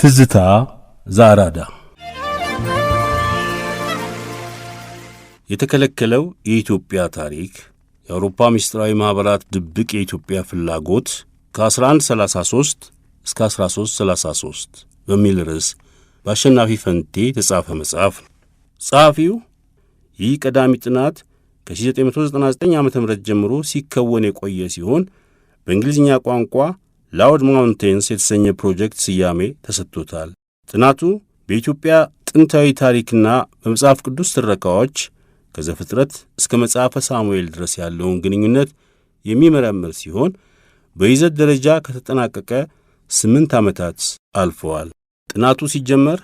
ትዝታ ዛራዳ የተከለከለው የኢትዮጵያ ታሪክ የአውሮፓ ምስጢራዊ ማኅበራት ድብቅ የኢትዮጵያ ፍላጎት ከ1133 እስከ 1333 በሚል ርዕስ በአሸናፊ ፈንቴ የተጻፈ መጽሐፍ ነው። ጸሐፊው ይህ ቀዳሚ ጥናት ከ1999 ዓ ም ጀምሮ ሲከወን የቆየ ሲሆን በእንግሊዝኛ ቋንቋ ላውድ ማውንቴንስ የተሰኘ ፕሮጀክት ስያሜ ተሰጥቶታል። ጥናቱ በኢትዮጵያ ጥንታዊ ታሪክና በመጽሐፍ ቅዱስ ትረካዎች ከዘፍጥረት እስከ መጽሐፈ ሳሙኤል ድረስ ያለውን ግንኙነት የሚመረምር ሲሆን በይዘት ደረጃ ከተጠናቀቀ ስምንት ዓመታት አልፈዋል። ጥናቱ ሲጀመር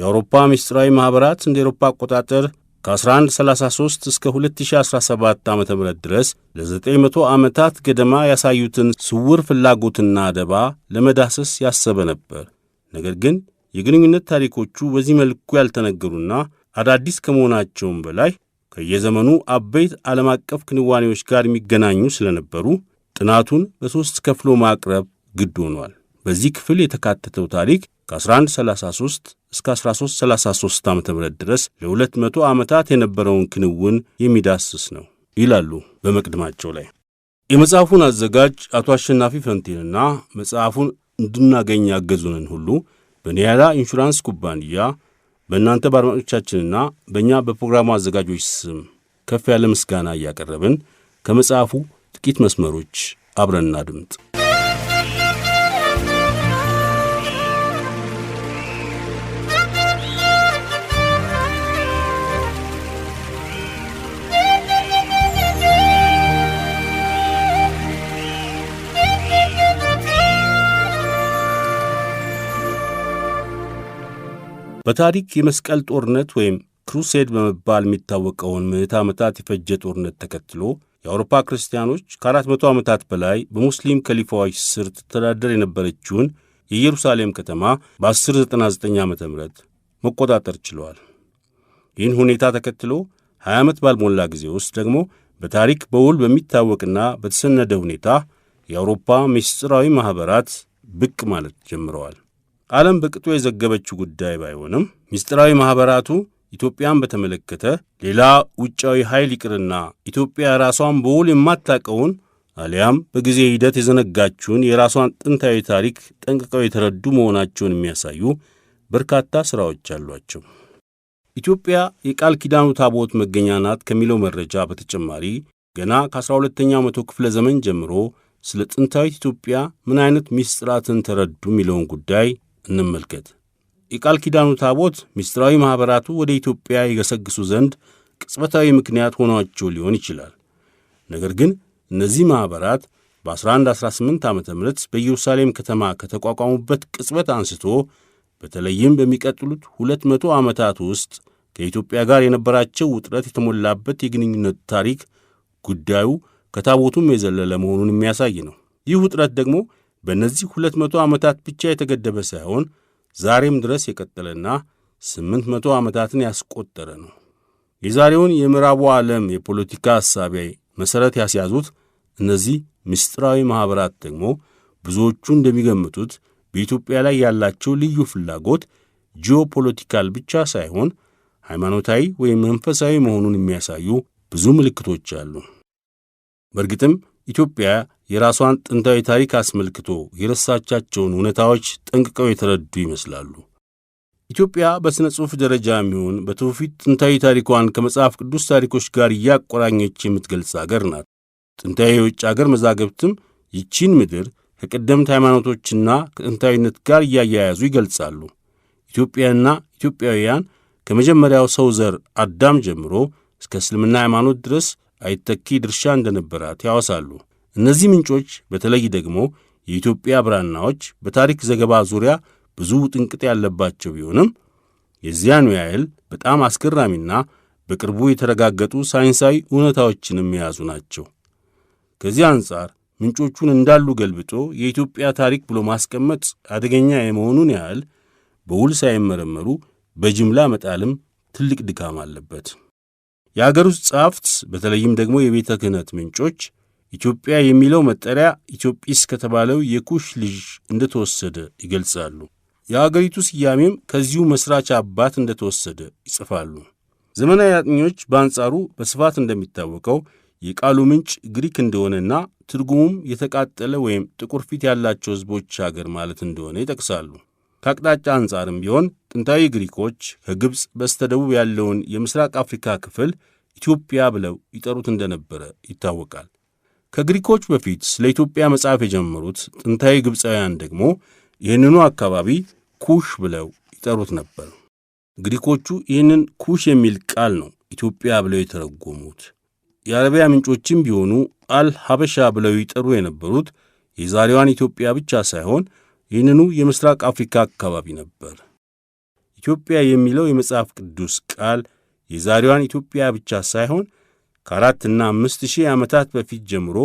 የአውሮፓ ምስጢራዊ ማኅበራት እንደ አውሮፓ አቆጣጠር ከ1133 እስከ 2017 ዓ ም ድረስ ለ900 ዓመታት ገደማ ያሳዩትን ስውር ፍላጎትና አደባ ለመዳሰስ ያሰበ ነበር። ነገር ግን የግንኙነት ታሪኮቹ በዚህ መልኩ ያልተነገሩና አዳዲስ ከመሆናቸውም በላይ ከየዘመኑ አበይት ዓለም አቀፍ ክንዋኔዎች ጋር የሚገናኙ ስለነበሩ ጥናቱን በሦስት ከፍሎ ማቅረብ ግድ ሆኗል። በዚህ ክፍል የተካተተው ታሪክ ከ1133 እስከ 1333 ዓ ም ድረስ ለ200 ዓመታት የነበረውን ክንውን የሚዳስስ ነው ይላሉ በመቅድማቸው ላይ። የመጽሐፉን አዘጋጅ አቶ አሸናፊ ፈንቴንና መጽሐፉን እንድናገኝ ያገዙንን ሁሉ በኒያላ ኢንሹራንስ ኩባንያ በእናንተ በአድማጮቻችንና በእኛ በፕሮግራሙ አዘጋጆች ስም ከፍ ያለ ምስጋና እያቀረብን ከመጽሐፉ ጥቂት መስመሮች አብረን እናድምጥ። በታሪክ የመስቀል ጦርነት ወይም ክሩሴድ በመባል የሚታወቀውን ምዕት ዓመታት የፈጀ ጦርነት ተከትሎ የአውሮፓ ክርስቲያኖች ከአራት መቶ ዓመታት በላይ በሙስሊም ከሊፋዎች ስር ትተዳደር የነበረችውን የኢየሩሳሌም ከተማ በ1099 ዓ ም መቆጣጠር ችለዋል። ይህን ሁኔታ ተከትሎ 20 ዓመት ባልሞላ ጊዜ ውስጥ ደግሞ በታሪክ በውል በሚታወቅና በተሰነደ ሁኔታ የአውሮፓ ምስጢራዊ ማኅበራት ብቅ ማለት ጀምረዋል። ዓለም በቅጡ የዘገበችው ጉዳይ ባይሆንም ምስጢራዊ ማኅበራቱ ኢትዮጵያን በተመለከተ ሌላ ውጫዊ ኃይል ይቅርና ኢትዮጵያ ራሷን በውል የማታቀውን አሊያም በጊዜ ሂደት የዘነጋችውን የራሷን ጥንታዊ ታሪክ ጠንቅቀው የተረዱ መሆናቸውን የሚያሳዩ በርካታ ሥራዎች አሏቸው። ኢትዮጵያ የቃል ኪዳኑ ታቦት መገኛ ናት ከሚለው መረጃ በተጨማሪ ገና ከ12ኛው መቶ ክፍለ ዘመን ጀምሮ ስለ ጥንታዊት ኢትዮጵያ ምን አይነት ሚስጥራትን ተረዱ የሚለውን ጉዳይ እንመልከት። የቃል ኪዳኑ ታቦት ምስጢራዊ ማኅበራቱ ወደ ኢትዮጵያ የገሰግሱ ዘንድ ቅጽበታዊ ምክንያት ሆኗቸው ሊሆን ይችላል። ነገር ግን እነዚህ ማኅበራት በ1118 ዓ ም በኢየሩሳሌም ከተማ ከተቋቋሙበት ቅጽበት አንስቶ በተለይም በሚቀጥሉት ሁለት መቶ ዓመታት ውስጥ ከኢትዮጵያ ጋር የነበራቸው ውጥረት የተሞላበት የግንኙነት ታሪክ ጉዳዩ ከታቦቱም የዘለለ መሆኑን የሚያሳይ ነው። ይህ ውጥረት ደግሞ በእነዚህ 200 ዓመታት ብቻ የተገደበ ሳይሆን ዛሬም ድረስ የቀጠለና 800 ዓመታትን ያስቆጠረ ነው። የዛሬውን የምዕራቡ ዓለም የፖለቲካ ሐሳቢ መሠረት ያስያዙት እነዚህ ምስጢራዊ ማኅበራት ደግሞ ብዙዎቹ እንደሚገምቱት በኢትዮጵያ ላይ ያላቸው ልዩ ፍላጎት ጂኦፖለቲካል ብቻ ሳይሆን ሃይማኖታዊ ወይም መንፈሳዊ መሆኑን የሚያሳዩ ብዙ ምልክቶች አሉ። በእርግጥም ኢትዮጵያ የራሷን ጥንታዊ ታሪክ አስመልክቶ የረሳቻቸውን እውነታዎች ጠንቅቀው የተረዱ ይመስላሉ። ኢትዮጵያ በሥነ ጽሑፍ ደረጃ የሚሆን በትውፊት ጥንታዊ ታሪኳን ከመጽሐፍ ቅዱስ ታሪኮች ጋር እያቆራኘች የምትገልጽ አገር ናት። ጥንታዊ የውጭ አገር መዛገብትም ይቺን ምድር ከቀደምት ሃይማኖቶችና ከጥንታዊነት ጋር እያያያዙ ይገልጻሉ። ኢትዮጵያና ኢትዮጵያውያን ከመጀመሪያው ሰው ዘር አዳም ጀምሮ እስከ እስልምና ሃይማኖት ድረስ አይተኪ ድርሻ እንደነበራት ያወሳሉ። እነዚህ ምንጮች በተለይ ደግሞ የኢትዮጵያ ብራናዎች በታሪክ ዘገባ ዙሪያ ብዙ ጥንቅጥ ያለባቸው ቢሆንም የዚያኑ ያህል በጣም አስገራሚና በቅርቡ የተረጋገጡ ሳይንሳዊ እውነታዎችንም የያዙ ናቸው። ከዚህ አንጻር ምንጮቹን እንዳሉ ገልብጦ የኢትዮጵያ ታሪክ ብሎ ማስቀመጥ አደገኛ የመሆኑን ያህል በውል ሳይመረመሩ በጅምላ መጣልም ትልቅ ድካም አለበት። የአገር ውስጥ ጸሐፍት በተለይም ደግሞ የቤተ ክህነት ምንጮች ኢትዮጵያ የሚለው መጠሪያ ኢትዮጵስ ከተባለው የኩሽ ልጅ እንደተወሰደ ይገልጻሉ። የአገሪቱ ስያሜም ከዚሁ መሥራች አባት እንደተወሰደ ይጽፋሉ። ዘመናዊ አጥኚዎች በአንጻሩ በስፋት እንደሚታወቀው የቃሉ ምንጭ ግሪክ እንደሆነና ትርጉሙም የተቃጠለ ወይም ጥቁር ፊት ያላቸው ሕዝቦች አገር ማለት እንደሆነ ይጠቅሳሉ። ከአቅጣጫ አንጻርም ቢሆን ጥንታዊ ግሪኮች ከግብፅ በስተደቡብ ያለውን የምስራቅ አፍሪካ ክፍል ኢትዮጵያ ብለው ይጠሩት እንደነበረ ይታወቃል። ከግሪኮች በፊት ስለ ኢትዮጵያ መጽሐፍ የጀመሩት ጥንታዊ ግብፃውያን ደግሞ ይህንኑ አካባቢ ኩሽ ብለው ይጠሩት ነበር። ግሪኮቹ ይህንን ኩሽ የሚል ቃል ነው ኢትዮጵያ ብለው የተረጎሙት። የአረቢያ ምንጮችም ቢሆኑ አል ሀበሻ ብለው ይጠሩ የነበሩት የዛሬዋን ኢትዮጵያ ብቻ ሳይሆን ይህንኑ የምስራቅ አፍሪካ አካባቢ ነበር። ኢትዮጵያ የሚለው የመጽሐፍ ቅዱስ ቃል የዛሬዋን ኢትዮጵያ ብቻ ሳይሆን ከአራትና አምስት ሺህ ዓመታት በፊት ጀምሮ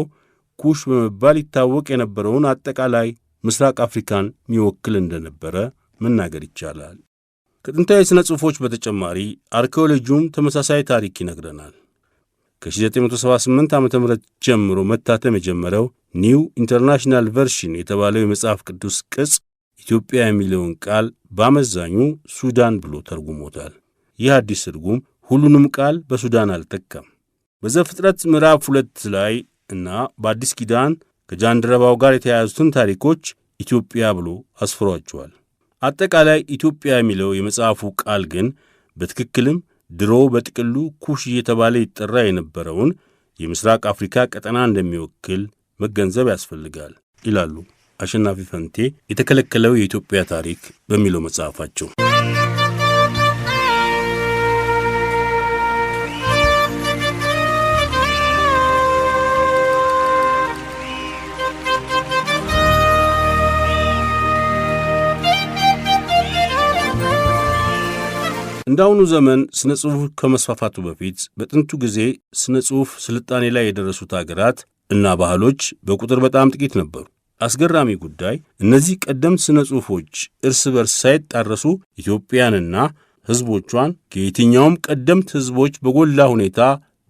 ኩሽ በመባል ይታወቅ የነበረውን አጠቃላይ ምስራቅ አፍሪካን የሚወክል እንደነበረ መናገር ይቻላል። ከጥንታዊ ሥነ ጽሑፎች በተጨማሪ አርኪኦሎጂውም ተመሳሳይ ታሪክ ይነግረናል። ከ1978 ዓ ም ጀምሮ መታተም የጀመረው ኒው ኢንተርናሽናል ቨርሽን የተባለው የመጽሐፍ ቅዱስ ቅጽ ኢትዮጵያ የሚለውን ቃል በአመዛኙ ሱዳን ብሎ ተርጉሞታል። ይህ አዲስ ትርጉም ሁሉንም ቃል በሱዳን አልጠቀም። በዘፍጥረት ምዕራፍ ሁለት ላይ እና በአዲስ ኪዳን ከጃንደረባው ጋር የተያያዙትን ታሪኮች ኢትዮጵያ ብሎ አስፍሯቸዋል። አጠቃላይ ኢትዮጵያ የሚለው የመጽሐፉ ቃል ግን በትክክልም ድሮ በጥቅሉ ኩሽ እየተባለ ይጠራ የነበረውን የምሥራቅ አፍሪካ ቀጠና እንደሚወክል መገንዘብ ያስፈልጋል ይላሉ አሸናፊ ፈንቴ የተከለከለው የኢትዮጵያ ታሪክ በሚለው መጽሐፋቸው። እንደ አሁኑ ዘመን ስነ ጽሑፍ ከመስፋፋቱ በፊት በጥንቱ ጊዜ ስነ ጽሑፍ ስልጣኔ ላይ የደረሱት አገራት እና ባህሎች በቁጥር በጣም ጥቂት ነበሩ። አስገራሚ ጉዳይ እነዚህ ቀደምት ሥነ ጽሑፎች እርስ በርስ ሳይጣረሱ ኢትዮጵያንና ሕዝቦቿን ከየትኛውም ቀደምት ሕዝቦች በጎላ ሁኔታ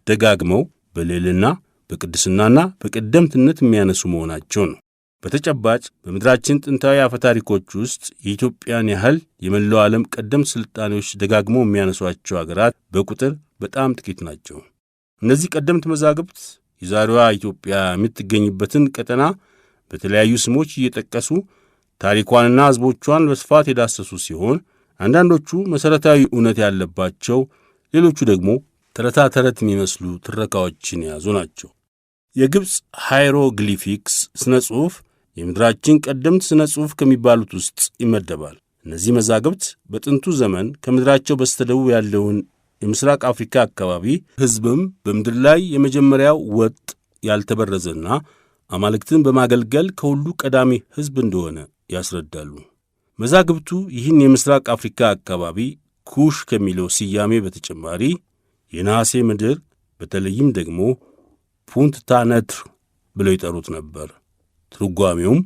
ደጋግመው በልዕልና በቅድስናና በቀደምትነት የሚያነሱ መሆናቸው ነው። በተጨባጭ በምድራችን ጥንታዊ አፈታሪኮች ውስጥ የኢትዮጵያን ያህል የመላው ዓለም ቀደምት ሥልጣኔዎች ደጋግመው የሚያነሷቸው አገራት በቁጥር በጣም ጥቂት ናቸው። እነዚህ ቀደምት መዛግብት የዛሬዋ ኢትዮጵያ የምትገኝበትን ቀጠና በተለያዩ ስሞች እየጠቀሱ ታሪኳንና ሕዝቦቿን በስፋት የዳሰሱ ሲሆን አንዳንዶቹ መሠረታዊ እውነት ያለባቸው፣ ሌሎቹ ደግሞ ተረታ ተረት የሚመስሉ ትረካዎችን የያዙ ናቸው። የግብፅ ሃይሮግሊፊክስ ሥነ ጽሑፍ የምድራችን ቀደምት ሥነ ጽሑፍ ከሚባሉት ውስጥ ይመደባል። እነዚህ መዛግብት በጥንቱ ዘመን ከምድራቸው በስተደቡብ ያለውን የምስራቅ አፍሪካ አካባቢ ሕዝብም በምድር ላይ የመጀመሪያው ወጥ ያልተበረዘና አማልክትን በማገልገል ከሁሉ ቀዳሚ ሕዝብ እንደሆነ ያስረዳሉ። መዛግብቱ ይህን የምስራቅ አፍሪካ አካባቢ ኩሽ ከሚለው ስያሜ በተጨማሪ የነሐሴ ምድር በተለይም ደግሞ ፑንት ታነትር ብለው ይጠሩት ነበር። ትርጓሜውም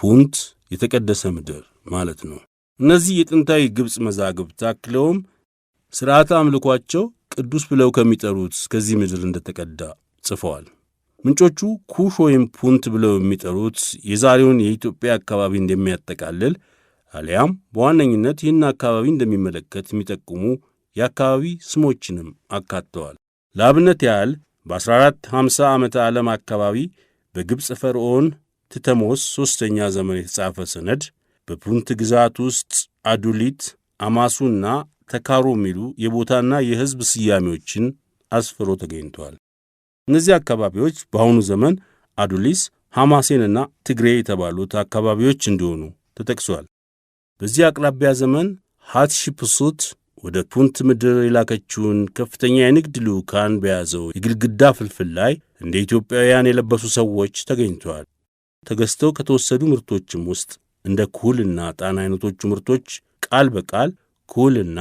ፑንት የተቀደሰ ምድር ማለት ነው። እነዚህ የጥንታዊ ግብፅ መዛግብት አክለውም ስርዓተ አምልኳቸው ቅዱስ ብለው ከሚጠሩት ከዚህ ምድር እንደተቀዳ ጽፈዋል። ምንጮቹ ኩሽ ወይም ፑንት ብለው የሚጠሩት የዛሬውን የኢትዮጵያ አካባቢ እንደሚያጠቃልል አሊያም በዋነኝነት ይህን አካባቢ እንደሚመለከት የሚጠቁሙ የአካባቢ ስሞችንም አካተዋል። ለአብነት ያህል በ1450 ዓመተ ዓለም አካባቢ በግብፅ ፈርዖን ትተሞስ ሦስተኛ ዘመን የተጻፈ ሰነድ በፑንት ግዛት ውስጥ አዱሊት፣ አማሱና ተካሮ የሚሉ የቦታና የሕዝብ ስያሜዎችን አስፍሮ ተገኝቷል። እነዚህ አካባቢዎች በአሁኑ ዘመን አዱሊስ፣ ሐማሴንና ትግሬ የተባሉት አካባቢዎች እንደሆኑ ተጠቅሷል። በዚህ አቅራቢያ ዘመን ሃትሺፕሱት ወደ ፑንት ምድር የላከችውን ከፍተኛ የንግድ ልዑካን በያዘው የግድግዳ ፍልፍል ላይ እንደ ኢትዮጵያውያን የለበሱ ሰዎች ተገኝተዋል። ተገዝተው ከተወሰዱ ምርቶችም ውስጥ እንደ ኩል እና ዕጣን አይነቶቹ ምርቶች ቃል በቃል ኩልና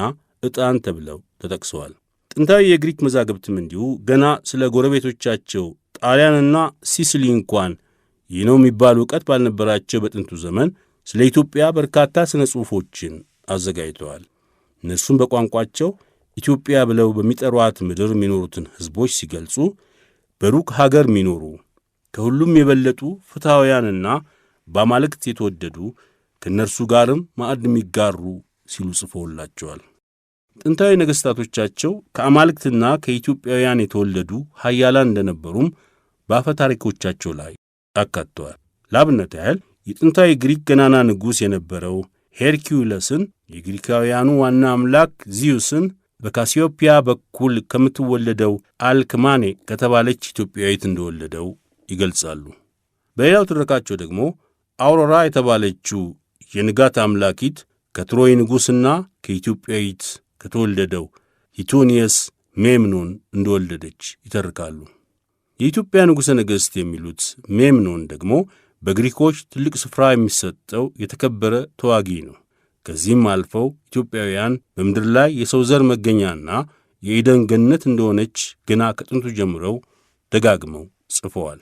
ዕጣን ተብለው ተጠቅሰዋል። ጥንታዊ የግሪክ መዛግብትም እንዲሁ ገና ስለ ጎረቤቶቻቸው ጣሊያንና ሲስሊ እንኳን ይህ ነው የሚባል እውቀት ባልነበራቸው በጥንቱ ዘመን ስለ ኢትዮጵያ በርካታ ሥነ ጽሑፎችን አዘጋጅተዋል። እነሱም በቋንቋቸው ኢትዮጵያ ብለው በሚጠሯት ምድር የሚኖሩትን ሕዝቦች ሲገልጹ በሩቅ ሀገር የሚኖሩ ከሁሉም የበለጡ ፍትሐውያንና በአማልክት የተወደዱ ከእነርሱ ጋርም ማዕድ የሚጋሩ ሲሉ ጽፎላቸዋል። ጥንታዊ ነገሥታቶቻቸው ከአማልክትና ከኢትዮጵያውያን የተወለዱ ሀያላን እንደነበሩም በአፈ ታሪኮቻቸው ላይ አካተዋል። ለአብነት ያህል የጥንታዊ ግሪክ ገናና ንጉሥ የነበረው ሄርኪውለስን፣ የግሪካውያኑ ዋና አምላክ ዚዩስን በካሲዮፒያ በኩል ከምትወለደው አልክማኔ ከተባለች ኢትዮጵያዊት እንደወለደው ይገልጻሉ። በሌላው ትረካቸው ደግሞ አውሮራ የተባለችው የንጋት አምላኪት ከትሮይ ንጉሥና ከኢትዮጵያዊት ከተወለደው ሂቶኒየስ ሜምኖን እንደወለደች ይተርካሉ። የኢትዮጵያ ንጉሠ ነገሥት የሚሉት ሜምኖን ደግሞ በግሪኮች ትልቅ ስፍራ የሚሰጠው የተከበረ ተዋጊ ነው። ከዚህም አልፈው ኢትዮጵያውያን በምድር ላይ የሰው ዘር መገኛና የኢደን ገነት እንደሆነች ገና ከጥንቱ ጀምረው ደጋግመው ጽፈዋል።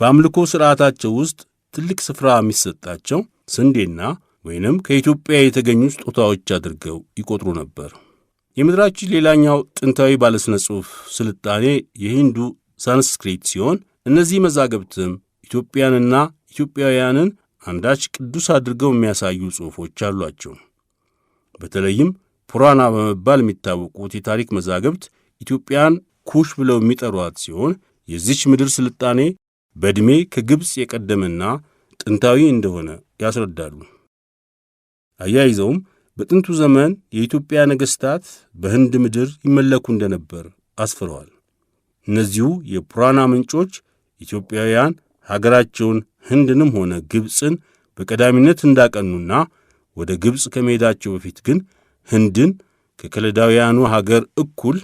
በአምልኮ ሥርዓታቸው ውስጥ ትልቅ ስፍራ የሚሰጣቸው ስንዴና ወይንም ከኢትዮጵያ የተገኙ ስጦታዎች አድርገው ይቆጥሩ ነበር። የምድራችን ሌላኛው ጥንታዊ ባለሥነ ጽሑፍ ስልጣኔ የሂንዱ ሳንስክሪት ሲሆን እነዚህ መዛግብትም ኢትዮጵያንና ኢትዮጵያውያንን አንዳች ቅዱስ አድርገው የሚያሳዩ ጽሑፎች አሏቸው። በተለይም ፑራና በመባል የሚታወቁት የታሪክ መዛግብት ኢትዮጵያን ኩሽ ብለው የሚጠሯት ሲሆን የዚች ምድር ስልጣኔ በዕድሜ ከግብፅ የቀደመና ጥንታዊ እንደሆነ ያስረዳሉ። አያይዘውም በጥንቱ ዘመን የኢትዮጵያ ነገሥታት በህንድ ምድር ይመለኩ እንደነበር አስፍረዋል። እነዚሁ የፑራና ምንጮች ኢትዮጵያውያን ሀገራቸውን ህንድንም ሆነ ግብፅን በቀዳሚነት እንዳቀኑና ወደ ግብፅ ከመሄዳቸው በፊት ግን ህንድን ከከለዳውያኑ ሀገር እኩል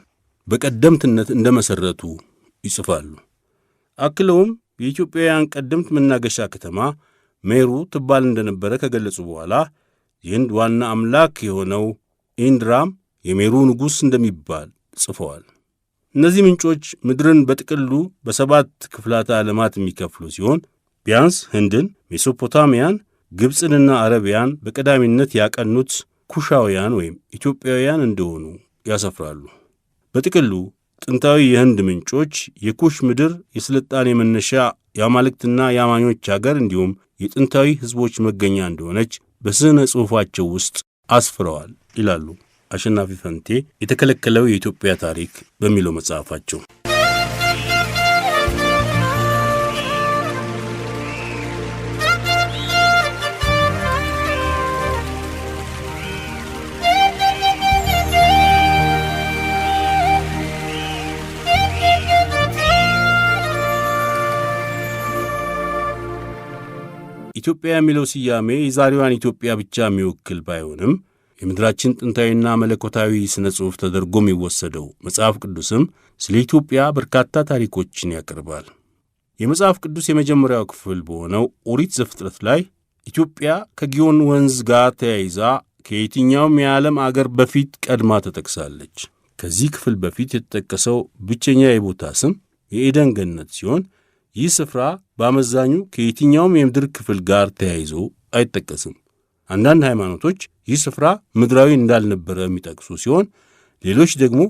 በቀደምትነት መሠረቱ ይጽፋሉ። አክለውም የኢትዮጵያውያን ቀደምት መናገሻ ከተማ ሜሩ ትባል እንደነበረ ከገለጹ በኋላ የህንድ ዋና አምላክ የሆነው ኢንድራም የሜሩ ንጉሥ እንደሚባል ጽፈዋል። እነዚህ ምንጮች ምድርን በጥቅሉ በሰባት ክፍላተ ዓለማት የሚከፍሉ ሲሆን ቢያንስ ህንድን፣ ሜሶፖታሚያን፣ ግብፅንና አረቢያን በቀዳሚነት ያቀኑት ኩሻውያን ወይም ኢትዮጵያውያን እንደሆኑ ያሰፍራሉ። በጥቅሉ ጥንታዊ የህንድ ምንጮች የኩሽ ምድር የሥልጣኔ መነሻ የአማልክትና የአማኞች አገር እንዲሁም የጥንታዊ ሕዝቦች መገኛ እንደሆነች በሥነ ጽሑፋቸው ውስጥ አስፍረዋል ይላሉ አሸናፊ ፈንቴ የተከለከለው የኢትዮጵያ ታሪክ በሚለው መጽሐፋቸው። ኢትዮጵያ የሚለው ስያሜ የዛሬዋን ኢትዮጵያ ብቻ የሚወክል ባይሆንም የምድራችን ጥንታዊና መለኮታዊ ሥነ ጽሑፍ ተደርጎ የሚወሰደው መጽሐፍ ቅዱስም ስለ ኢትዮጵያ በርካታ ታሪኮችን ያቀርባል። የመጽሐፍ ቅዱስ የመጀመሪያው ክፍል በሆነው ኦሪት ዘፍጥረት ላይ ኢትዮጵያ ከጊዮን ወንዝ ጋር ተያይዛ ከየትኛውም የዓለም አገር በፊት ቀድማ ተጠቅሳለች። ከዚህ ክፍል በፊት የተጠቀሰው ብቸኛ የቦታ ስም የኤደን ገነት ሲሆን ይህ ስፍራ በአመዛኙ ከየትኛውም የምድር ክፍል ጋር ተያይዞ አይጠቀስም። አንዳንድ ሃይማኖቶች ይህ ስፍራ ምድራዊ እንዳልነበረ የሚጠቅሱ ሲሆን፣ ሌሎች ደግሞ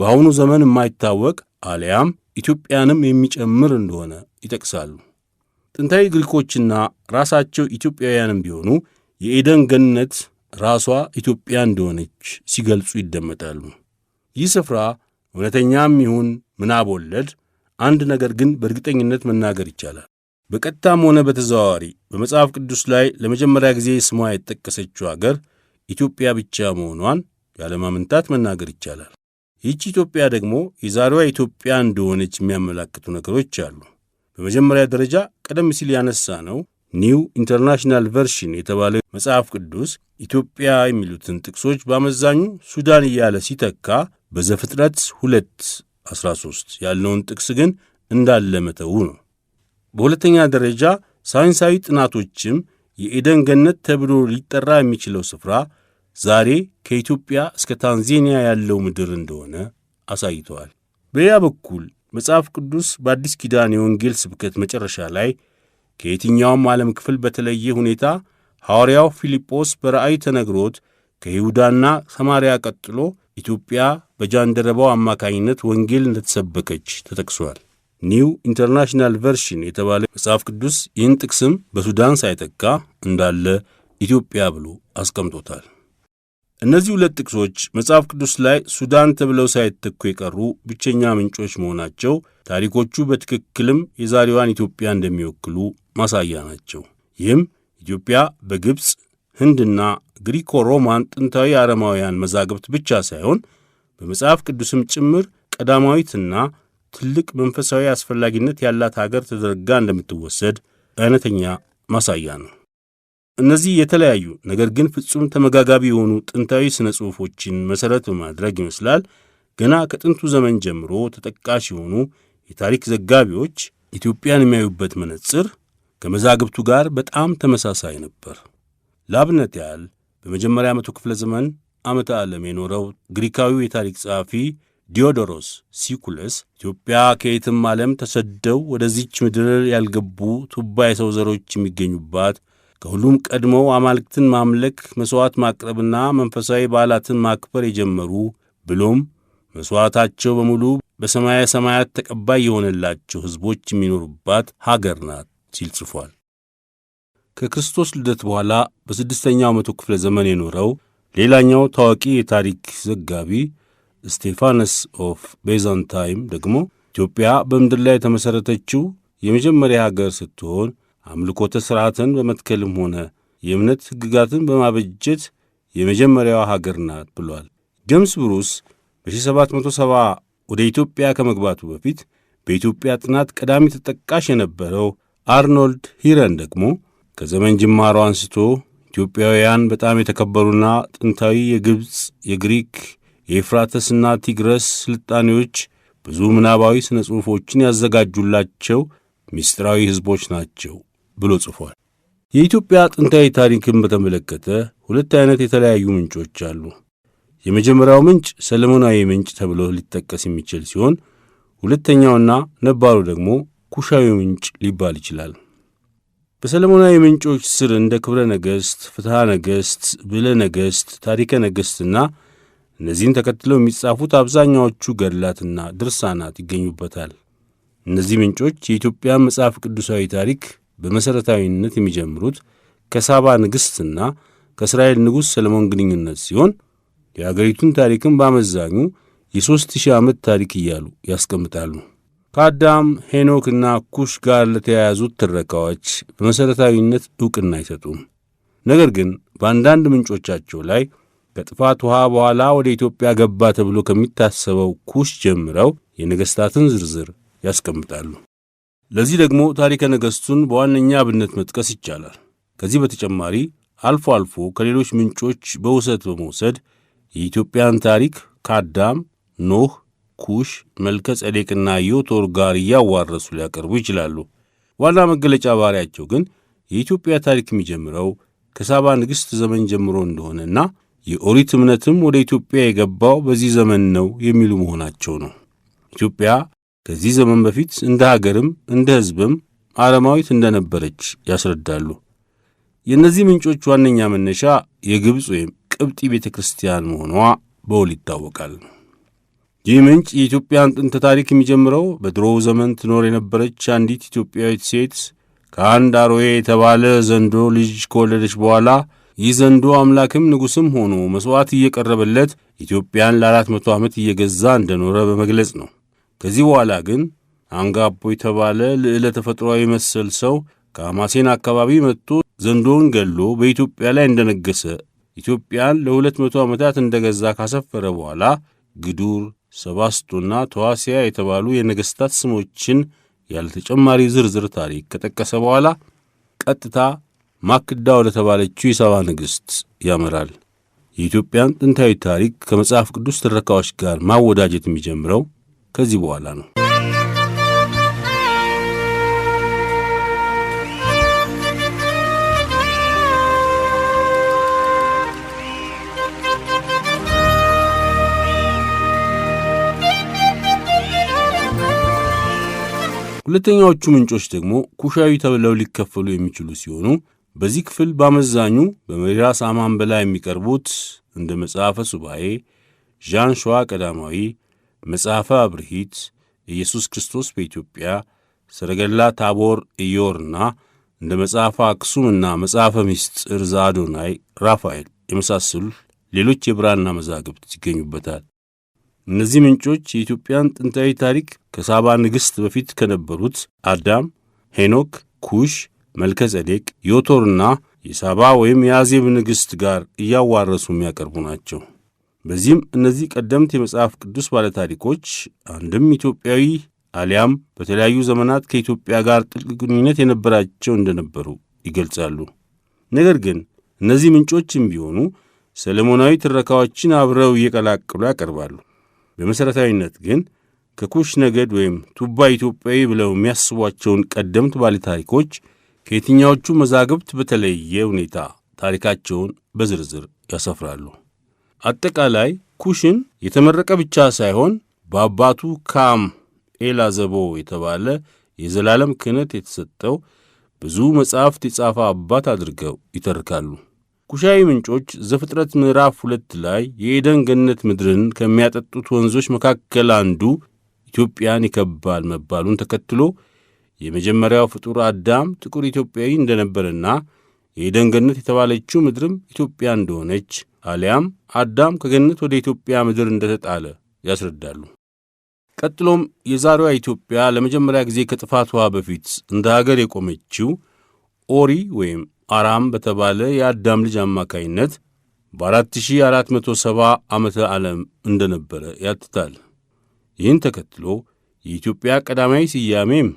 በአሁኑ ዘመን የማይታወቅ አሊያም ኢትዮጵያንም የሚጨምር እንደሆነ ይጠቅሳሉ። ጥንታዊ ግሪኮችና ራሳቸው ኢትዮጵያውያንም ቢሆኑ የኤደን ገነት ራሷ ኢትዮጵያ እንደሆነች ሲገልጹ ይደመጣሉ። ይህ ስፍራ እውነተኛም ይሁን ምናብ ወለድ አንድ ነገር ግን በእርግጠኝነት መናገር ይቻላል። በቀጥታም ሆነ በተዘዋዋሪ በመጽሐፍ ቅዱስ ላይ ለመጀመሪያ ጊዜ ስሟ የተጠቀሰችው አገር ኢትዮጵያ ብቻ መሆኗን ያለማመንታት መናገር ይቻላል። ይህች ኢትዮጵያ ደግሞ የዛሬዋ ኢትዮጵያ እንደሆነች የሚያመላክቱ ነገሮች አሉ። በመጀመሪያ ደረጃ ቀደም ሲል ያነሳ ነው ኒው ኢንተርናሽናል ቨርሽን የተባለው መጽሐፍ ቅዱስ ኢትዮጵያ የሚሉትን ጥቅሶች በአመዛኙ ሱዳን እያለ ሲተካ በዘፍጥረት ሁለት 13 ያለውን ጥቅስ ግን እንዳለመተው ነው። በሁለተኛ ደረጃ ሳይንሳዊ ጥናቶችም የኤደን ገነት ተብሎ ሊጠራ የሚችለው ስፍራ ዛሬ ከኢትዮጵያ እስከ ታንዜኒያ ያለው ምድር እንደሆነ አሳይተዋል። በያ በኩል መጽሐፍ ቅዱስ በአዲስ ኪዳን የወንጌል ስብከት መጨረሻ ላይ ከየትኛውም ዓለም ክፍል በተለየ ሁኔታ ሐዋርያው ፊልጶስ በራእይ ተነግሮት ከይሁዳና ሰማርያ ቀጥሎ ኢትዮጵያ በጃንደረባው አማካኝነት ወንጌል እንደተሰበከች ተጠቅሷል። ኒው ኢንተርናሽናል ቨርሽን የተባለ መጽሐፍ ቅዱስ ይህን ጥቅስም በሱዳን ሳይተካ እንዳለ ኢትዮጵያ ብሎ አስቀምጦታል። እነዚህ ሁለት ጥቅሶች መጽሐፍ ቅዱስ ላይ ሱዳን ተብለው ሳይተኩ የቀሩ ብቸኛ ምንጮች መሆናቸው ታሪኮቹ በትክክልም የዛሬዋን ኢትዮጵያ እንደሚወክሉ ማሳያ ናቸው። ይህም ኢትዮጵያ በግብፅ ህንድና ግሪኮ ሮማን ጥንታዊ አረማውያን መዛግብት ብቻ ሳይሆን በመጽሐፍ ቅዱስም ጭምር ቀዳማዊትና ትልቅ መንፈሳዊ አስፈላጊነት ያላት አገር ተደርጋ እንደምትወሰድ እውነተኛ ማሳያ ነው። እነዚህ የተለያዩ ነገር ግን ፍጹም ተመጋጋቢ የሆኑ ጥንታዊ ሥነ ጽሑፎችን መሠረት በማድረግ ይመስላል ገና ከጥንቱ ዘመን ጀምሮ ተጠቃሽ የሆኑ የታሪክ ዘጋቢዎች ኢትዮጵያን የሚያዩበት መነጽር ከመዛግብቱ ጋር በጣም ተመሳሳይ ነበር። ለአብነት ያህል በመጀመሪያ መቶ ክፍለ ዘመን ዓመተ ዓለም የኖረው ግሪካዊው የታሪክ ጸሐፊ ዲዮዶሮስ ሲኩለስ ኢትዮጵያ ከየትም ዓለም ተሰደው ወደዚች ምድር ያልገቡ ቱባ የሰው ዘሮች የሚገኙባት ከሁሉም ቀድመው አማልክትን ማምለክ፣ መሥዋዕት ማቅረብና መንፈሳዊ በዓላትን ማክበር የጀመሩ ብሎም መሥዋዕታቸው በሙሉ በሰማያ ሰማያት ተቀባይ የሆነላቸው ሕዝቦች የሚኖሩባት ሀገር ናት ሲል ጽፏል። ከክርስቶስ ልደት በኋላ በስድስተኛው መቶ ክፍለ ዘመን የኖረው ሌላኛው ታዋቂ የታሪክ ዘጋቢ ስቴፋነስ ኦፍ ቤዛንታይም ደግሞ ኢትዮጵያ በምድር ላይ የተመሠረተችው የመጀመሪያ ሀገር ስትሆን አምልኮተ ሥርዓትን በመትከልም ሆነ የእምነት ሕግጋትን በማበጀት የመጀመሪያዋ ሀገር ናት ብሏል። ጀምስ ብሩስ በ1770 ወደ ኢትዮጵያ ከመግባቱ በፊት በኢትዮጵያ ጥናት ቀዳሚ ተጠቃሽ የነበረው አርኖልድ ሂረን ደግሞ ከዘመን ጅማሮ አንስቶ ኢትዮጵያውያን በጣም የተከበሩና ጥንታዊ የግብፅ፣ የግሪክ፣ የኤፍራተስና ቲግረስ ስልጣኔዎች ብዙ ምናባዊ ሥነ ጽሑፎችን ያዘጋጁላቸው ምስጢራዊ ሕዝቦች ናቸው ብሎ ጽፏል። የኢትዮጵያ ጥንታዊ ታሪክን በተመለከተ ሁለት ዓይነት የተለያዩ ምንጮች አሉ። የመጀመሪያው ምንጭ ሰለሞናዊ ምንጭ ተብሎ ሊጠቀስ የሚችል ሲሆን ሁለተኛውና ነባሩ ደግሞ ኩሻዊ ምንጭ ሊባል ይችላል። በሰለሞናዊ ምንጮች ስር እንደ ክብረ ነገሥት፣ ፍትሐ ነገሥት፣ ብለ ነገሥት፣ ታሪከ ነገሥትና እነዚህን ተከትለው የሚጻፉት አብዛኛዎቹ ገድላትና ድርሳናት ይገኙበታል። እነዚህ ምንጮች የኢትዮጵያ መጽሐፍ ቅዱሳዊ ታሪክ በመሠረታዊነት የሚጀምሩት ከሳባ ንግሥትና ከእስራኤል ንጉሥ ሰለሞን ግንኙነት ሲሆን የአገሪቱን ታሪክም በአመዛኙ የሦስት ሺህ ዓመት ታሪክ እያሉ ያስቀምጣሉ። ከአዳም ሄኖክና ኩሽ ጋር ለተያያዙት ትረካዎች በመሠረታዊነት ዕውቅና አይሰጡም። ነገር ግን በአንዳንድ ምንጮቻቸው ላይ ከጥፋት ውሃ በኋላ ወደ ኢትዮጵያ ገባ ተብሎ ከሚታሰበው ኩሽ ጀምረው የነገሥታትን ዝርዝር ያስቀምጣሉ። ለዚህ ደግሞ ታሪከ ነገሥቱን በዋነኛ አብነት መጥቀስ ይቻላል። ከዚህ በተጨማሪ አልፎ አልፎ ከሌሎች ምንጮች በውሰት በመውሰድ የኢትዮጵያን ታሪክ ከአዳም ኖህ ኩሽ፣ መልከ ጸዴቅና ዮቶር ጋር እያዋረሱ ሊያቀርቡ ይችላሉ። ዋና መገለጫ ባሪያቸው ግን የኢትዮጵያ ታሪክ የሚጀምረው ከሳባ ንግሥት ዘመን ጀምሮ እንደሆነና የኦሪት እምነትም ወደ ኢትዮጵያ የገባው በዚህ ዘመን ነው የሚሉ መሆናቸው ነው። ኢትዮጵያ ከዚህ ዘመን በፊት እንደ ሀገርም እንደ ሕዝብም አረማዊት እንደነበረች ያስረዳሉ። የእነዚህ ምንጮች ዋነኛ መነሻ የግብፅ ወይም ቅብጢ ቤተ ክርስቲያን መሆኗ በውል ይታወቃል። ይህ ምንጭ የኢትዮጵያን ጥንት ታሪክ የሚጀምረው በድሮው ዘመን ትኖር የነበረች አንዲት ኢትዮጵያዊት ሴት ከአንድ አሮዌ የተባለ ዘንዶ ልጅ ከወለደች በኋላ ይህ ዘንዶ አምላክም ንጉሥም ሆኖ መሥዋዕት እየቀረበለት ኢትዮጵያን ለአራት መቶ ዓመት እየገዛ እንደኖረ በመግለጽ ነው። ከዚህ በኋላ ግን አንጋቦ የተባለ ልዕለ ተፈጥሯዊ መሰል ሰው ከአማሴን አካባቢ መጥቶ ዘንዶውን ገሎ በኢትዮጵያ ላይ እንደነገሰ ኢትዮጵያን ለሁለት መቶ ዓመታት እንደገዛ ካሰፈረ በኋላ ግዱር ሰባስቱና ተዋሲያ የተባሉ የነገሥታት ስሞችን ያለ ተጨማሪ ዝርዝር ታሪክ ከጠቀሰ በኋላ ቀጥታ ማክዳ ወደ ተባለችው የሳባ ንግሥት ያመራል። የኢትዮጵያን ጥንታዊ ታሪክ ከመጽሐፍ ቅዱስ ትረካዎች ጋር ማወዳጀት የሚጀምረው ከዚህ በኋላ ነው። ሁለተኛዎቹ ምንጮች ደግሞ ኩሻዊ ተብለው ሊከፈሉ የሚችሉ ሲሆኑ በዚህ ክፍል በአመዛኙ በመሪራ ሳማን በላይ የሚቀርቡት እንደ መጽሐፈ ሱባኤ፣ ዣን ሸዋ ቀዳማዊ፣ መጽሐፈ አብርሂት፣ ኢየሱስ ክርስቶስ በኢትዮጵያ፣ ሰረገላ ታቦር ኢዮርና እንደ መጽሐፈ አክሱምና መጽሐፈ ምስጢር ዛዶናይ ራፋኤል የመሳሰሉ ሌሎች የብራና መዛግብት ይገኙበታል። እነዚህ ምንጮች የኢትዮጵያን ጥንታዊ ታሪክ ከሳባ ንግሥት በፊት ከነበሩት አዳም፣ ሄኖክ፣ ኩሽ፣ መልከጸዴቅ፣ ዮቶርና የሳባ ወይም የአዜብ ንግሥት ጋር እያዋረሱ የሚያቀርቡ ናቸው። በዚህም እነዚህ ቀደምት የመጽሐፍ ቅዱስ ባለታሪኮች አንድም ኢትዮጵያዊ አሊያም በተለያዩ ዘመናት ከኢትዮጵያ ጋር ጥልቅ ግንኙነት የነበራቸው እንደነበሩ ይገልጻሉ። ነገር ግን እነዚህ ምንጮችም ቢሆኑ ሰለሞናዊ ትረካዎችን አብረው እየቀላቀሉ ያቀርባሉ። በመሠረታዊነት ግን ከኩሽ ነገድ ወይም ቱባ ኢትዮጵያዊ ብለው የሚያስቧቸውን ቀደምት ባለ ታሪኮች ከየትኛዎቹ መዛግብት በተለየ ሁኔታ ታሪካቸውን በዝርዝር ያሰፍራሉ። አጠቃላይ ኩሽን የተመረቀ ብቻ ሳይሆን በአባቱ ካም ኤላዘቦ የተባለ የዘላለም ክህነት የተሰጠው ብዙ መጻሕፍት የጻፈ አባት አድርገው ይተርካሉ። ኩሻዊ ምንጮች ዘፍጥረት ምዕራፍ ሁለት ላይ የኤደን ገነት ምድርን ከሚያጠጡት ወንዞች መካከል አንዱ ኢትዮጵያን ይከባል መባሉን ተከትሎ የመጀመሪያው ፍጡር አዳም ጥቁር ኢትዮጵያዊ እንደነበረና የኤደን ገነት የተባለችው ምድርም ኢትዮጵያ እንደሆነች አሊያም አዳም ከገነት ወደ ኢትዮጵያ ምድር እንደተጣለ ያስረዳሉ። ቀጥሎም የዛሬዋ ኢትዮጵያ ለመጀመሪያ ጊዜ ከጥፋትዋ በፊት እንደ አገር የቆመችው ኦሪ ወይም አራም በተባለ የአዳም ልጅ አማካይነት በ4470 ዓመተ ዓለም እንደነበረ ያትታል። ይህን ተከትሎ የኢትዮጵያ ቀዳማዊ ስያሜም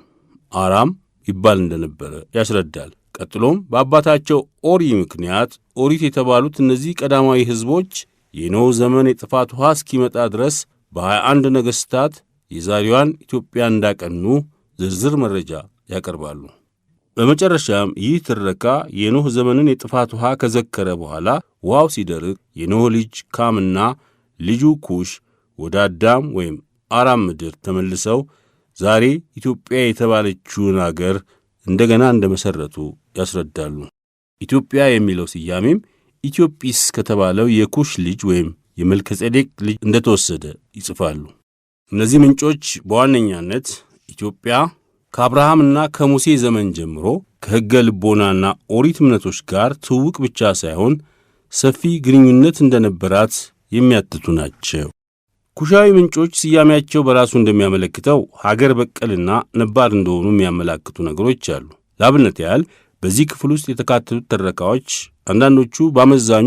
አራም ይባል እንደነበረ ያስረዳል። ቀጥሎም በአባታቸው ኦሪ ምክንያት ኦሪት የተባሉት እነዚህ ቀዳማዊ ሕዝቦች የኖኅ ዘመን የጥፋት ውኃ እስኪመጣ ድረስ በ21 ነገሥታት የዛሬዋን ኢትዮጵያ እንዳቀኑ ዝርዝር መረጃ ያቀርባሉ። በመጨረሻም ይህ ትረካ የኖህ ዘመንን የጥፋት ውሃ ከዘከረ በኋላ ውሃው ሲደርቅ የኖህ ልጅ ካምና ልጁ ኩሽ ወደ አዳም ወይም አራም ምድር ተመልሰው ዛሬ ኢትዮጵያ የተባለችውን አገር እንደገና መሠረቱ ያስረዳሉ። ኢትዮጵያ የሚለው ስያሜም ኢትዮጵስ ከተባለው የኩሽ ልጅ ወይም የመልከጼዴቅ ልጅ እንደተወሰደ ይጽፋሉ። እነዚህ ምንጮች በዋነኛነት ኢትዮጵያ ከአብርሃምና ከሙሴ ዘመን ጀምሮ ከሕገ ልቦናና ኦሪት እምነቶች ጋር ትውውቅ ብቻ ሳይሆን ሰፊ ግንኙነት እንደነበራት የሚያትቱ ናቸው። ኩሻዊ ምንጮች ስያሜያቸው በራሱ እንደሚያመለክተው ሀገር በቀልና ነባር እንደሆኑ የሚያመላክቱ ነገሮች አሉ። ለአብነት ያህል በዚህ ክፍል ውስጥ የተካተቱት ትረካዎች አንዳንዶቹ በአመዛኙ፣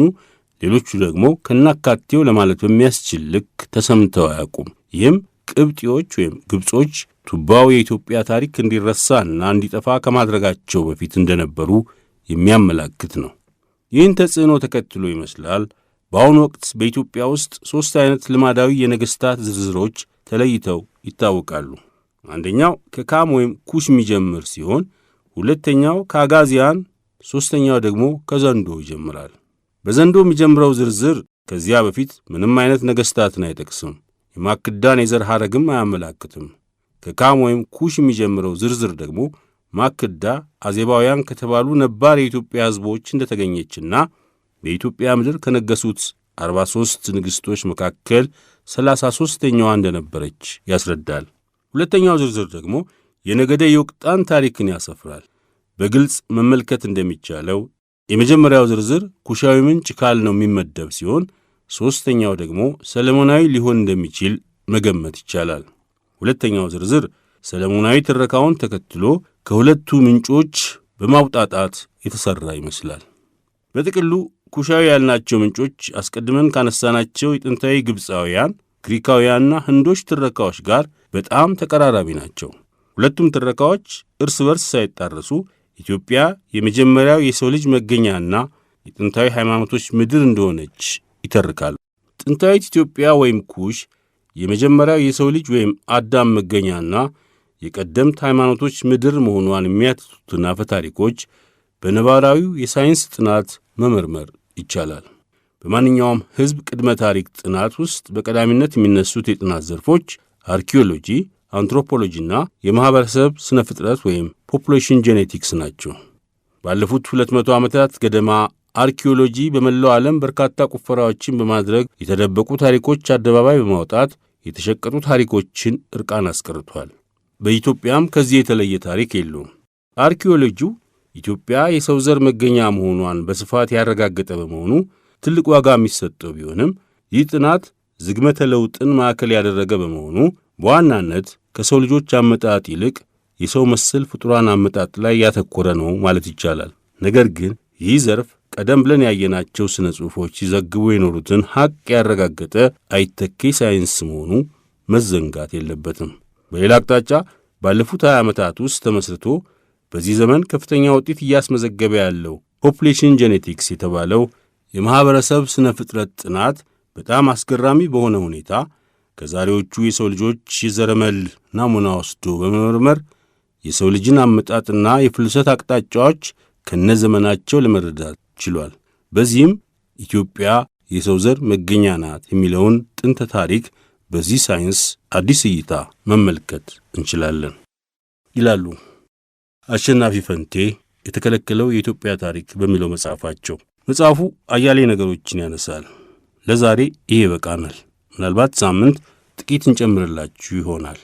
ሌሎቹ ደግሞ ከናካቴው ለማለት በሚያስችል ልክ ተሰምተው አያውቁም። ይህም ቅብጤዎች ወይም ግብጾች ቱባው የኢትዮጵያ ታሪክ እንዲረሳና እንዲጠፋ ከማድረጋቸው በፊት እንደነበሩ የሚያመላክት ነው። ይህን ተጽዕኖ ተከትሎ ይመስላል በአሁኑ ወቅት በኢትዮጵያ ውስጥ ሦስት አይነት ልማዳዊ የነገሥታት ዝርዝሮች ተለይተው ይታወቃሉ። አንደኛው ከካም ወይም ኩሽ የሚጀምር ሲሆን ሁለተኛው ከአጋዚያን፣ ሦስተኛው ደግሞ ከዘንዶ ይጀምራል። በዘንዶ የሚጀምረው ዝርዝር ከዚያ በፊት ምንም አይነት ነገሥታትን አይጠቅስም። የማክዳን የዘር ሐረግም አያመላክትም። ከካም ወይም ኩሽ የሚጀምረው ዝርዝር ደግሞ ማክዳ አዜባውያን ከተባሉ ነባር የኢትዮጵያ ሕዝቦች እንደተገኘችና በኢትዮጵያ ምድር ከነገሱት 43 ንግሥቶች መካከል 33ተኛዋ እንደነበረች ያስረዳል። ሁለተኛው ዝርዝር ደግሞ የነገደ ዮቅጣን ታሪክን ያሰፍራል። በግልጽ መመልከት እንደሚቻለው የመጀመሪያው ዝርዝር ኩሻዊ ምንጭ ካል ነው የሚመደብ ሲሆን ሦስተኛው ደግሞ ሰለሞናዊ ሊሆን እንደሚችል መገመት ይቻላል። ሁለተኛው ዝርዝር ሰለሞናዊ ትረካውን ተከትሎ ከሁለቱ ምንጮች በማውጣጣት የተሠራ ይመስላል። በጥቅሉ ኩሻዊ ያልናቸው ምንጮች አስቀድመን ካነሳናቸው የጥንታዊ ግብፃውያን፣ ግሪካውያንና ህንዶች ትረካዎች ጋር በጣም ተቀራራቢ ናቸው። ሁለቱም ትረካዎች እርስ በርስ ሳይጣረሱ ኢትዮጵያ የመጀመሪያው የሰው ልጅ መገኛና የጥንታዊ ሃይማኖቶች ምድር እንደሆነች ይተርካሉ። ጥንታዊት ኢትዮጵያ ወይም ኩሽ የመጀመሪያው የሰው ልጅ ወይም አዳም መገኛና የቀደምት ሃይማኖቶች ምድር መሆኗን የሚያትቱትን አፈ ታሪኮች በነባራዊው የሳይንስ ጥናት መመርመር ይቻላል። በማንኛውም ሕዝብ ቅድመ ታሪክ ጥናት ውስጥ በቀዳሚነት የሚነሱት የጥናት ዘርፎች አርኪኦሎጂ፣ አንትሮፖሎጂና የማኅበረሰብ ሥነ ፍጥረት ወይም ፖፑሌሽን ጄኔቲክስ ናቸው። ባለፉት 200 ዓመታት ገደማ አርኪኦሎጂ በመላው ዓለም በርካታ ቁፈራዎችን በማድረግ የተደበቁ ታሪኮች አደባባይ በማውጣት የተሸቀጡ ታሪኮችን እርቃን አስቀርቷል። በኢትዮጵያም ከዚህ የተለየ ታሪክ የለውም። አርኪኦሎጂው ኢትዮጵያ የሰው ዘር መገኛ መሆኗን በስፋት ያረጋገጠ በመሆኑ ትልቅ ዋጋ የሚሰጠው ቢሆንም ይህ ጥናት ዝግመተ ለውጥን ማዕከል ያደረገ በመሆኑ በዋናነት ከሰው ልጆች አመጣጥ ይልቅ የሰው መሰል ፍጡራን አመጣጥ ላይ ያተኮረ ነው ማለት ይቻላል። ነገር ግን ይህ ዘርፍ ቀደም ብለን ያየናቸው ሥነ ጽሑፎች ሲዘግቡ የኖሩትን ሐቅ ያረጋገጠ አይተኬ ሳይንስ መሆኑ መዘንጋት የለበትም። በሌላ አቅጣጫ ባለፉት 20 ዓመታት ውስጥ ተመስርቶ በዚህ ዘመን ከፍተኛ ውጤት እያስመዘገበ ያለው ፖፕሌሽን ጄኔቲክስ የተባለው የማኅበረሰብ ሥነ ፍጥረት ጥናት በጣም አስገራሚ በሆነ ሁኔታ ከዛሬዎቹ የሰው ልጆች የዘረመል ናሙና ወስዶ በመመርመር የሰው ልጅን አመጣጥና የፍልሰት አቅጣጫዎች ከነ ዘመናቸው ለመረዳት ችሏል። በዚህም ኢትዮጵያ የሰው ዘር መገኛ ናት የሚለውን ጥንተ ታሪክ በዚህ ሳይንስ አዲስ እይታ መመልከት እንችላለን ይላሉ አሸናፊ ፈንቴ የተከለከለው የኢትዮጵያ ታሪክ በሚለው መጽሐፋቸው። መጽሐፉ አያሌ ነገሮችን ያነሳል። ለዛሬ ይሄ ይበቃናል። ምናልባት ሳምንት ጥቂት እንጨምርላችሁ ይሆናል።